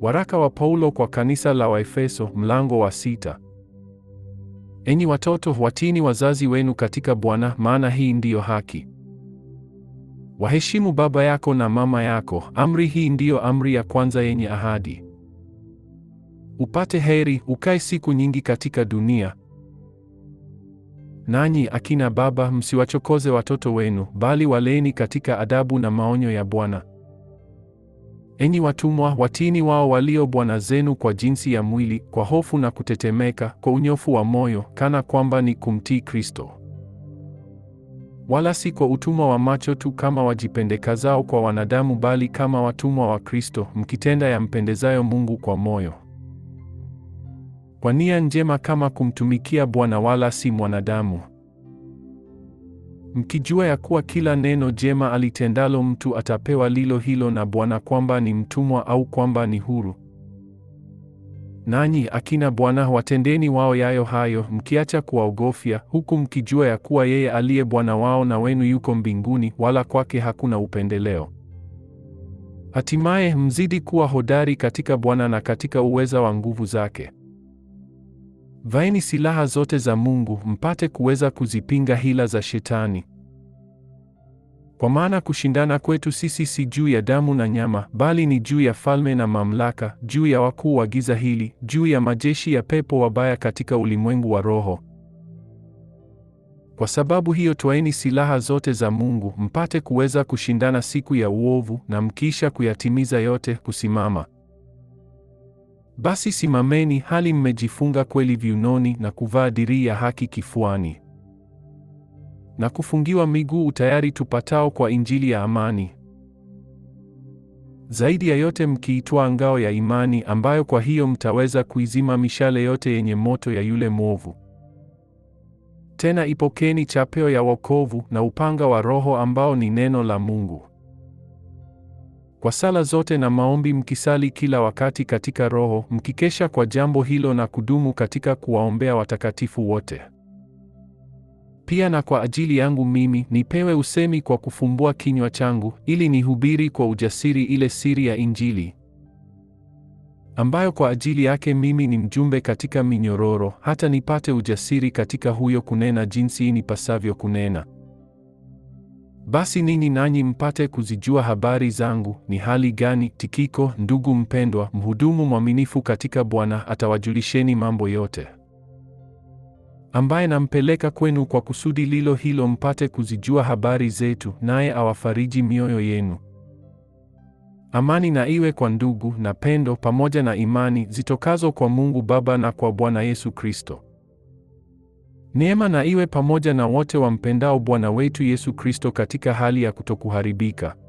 Waraka wa Paulo kwa kanisa la Waefeso, mlango wa sita. Enyi watoto, watini wazazi wenu katika Bwana, maana hii ndiyo haki. Waheshimu baba yako na mama yako, amri hii ndiyo amri ya kwanza yenye ahadi, upate heri, ukae siku nyingi katika dunia. Nanyi akina baba, msiwachokoze watoto wenu, bali waleeni katika adabu na maonyo ya Bwana. Enyi watumwa, watini wao walio bwana zenu kwa jinsi ya mwili, kwa hofu na kutetemeka, kwa unyofu wa moyo, kana kwamba ni kumtii Kristo, wala si kwa utumwa wa macho tu, kama wajipendekazao kwa wanadamu, bali kama watumwa wa Kristo, mkitenda yampendezayo Mungu kwa moyo, kwa nia njema, kama kumtumikia Bwana wala si mwanadamu mkijua ya kuwa kila neno jema alitendalo mtu atapewa lilo hilo na Bwana, kwamba ni mtumwa au kwamba ni huru. Nanyi akina Bwana watendeni wao yayo hayo, mkiacha kuwaogofya, huku mkijua ya kuwa yeye aliye Bwana wao na wenu yuko mbinguni, wala kwake hakuna upendeleo. Hatimaye mzidi kuwa hodari katika Bwana na katika uweza wa nguvu zake. Vaeni silaha zote za Mungu mpate kuweza kuzipinga hila za Shetani. Kwa maana kushindana kwetu sisi si juu ya damu na nyama, bali ni juu ya falme na mamlaka, juu ya wakuu wa giza hili, juu ya majeshi ya pepo wabaya katika ulimwengu wa roho. Kwa sababu hiyo, twaeni silaha zote za Mungu mpate kuweza kushindana siku ya uovu, na mkiisha kuyatimiza yote, kusimama basi simameni hali mmejifunga kweli viunoni na kuvaa dirii ya haki kifuani na kufungiwa miguu utayari tupatao kwa injili ya amani. Zaidi ya yote mkiitwa ngao ya imani, ambayo kwa hiyo mtaweza kuizima mishale yote yenye moto ya yule mwovu. Tena ipokeni chapeo ya wokovu na upanga wa Roho ambao ni neno la Mungu. Kwa sala zote na maombi mkisali kila wakati katika Roho, mkikesha kwa jambo hilo na kudumu katika kuwaombea watakatifu wote. Pia na kwa ajili yangu mimi, nipewe usemi kwa kufumbua kinywa changu, ili nihubiri kwa ujasiri ile siri ya Injili, ambayo kwa ajili yake mimi ni mjumbe katika minyororo, hata nipate ujasiri katika huyo kunena jinsi inipasavyo kunena. Basi nini nanyi mpate kuzijua habari zangu ni hali gani? Tikiko, ndugu mpendwa, mhudumu mwaminifu katika Bwana, atawajulisheni mambo yote, ambaye nampeleka kwenu kwa kusudi lilo hilo, mpate kuzijua habari zetu, naye awafariji mioyo yenu. Amani na iwe kwa ndugu na pendo, pamoja na imani zitokazo kwa Mungu Baba na kwa Bwana Yesu Kristo. Neema na iwe pamoja na wote wampendao Bwana wetu Yesu Kristo katika hali ya kutokuharibika.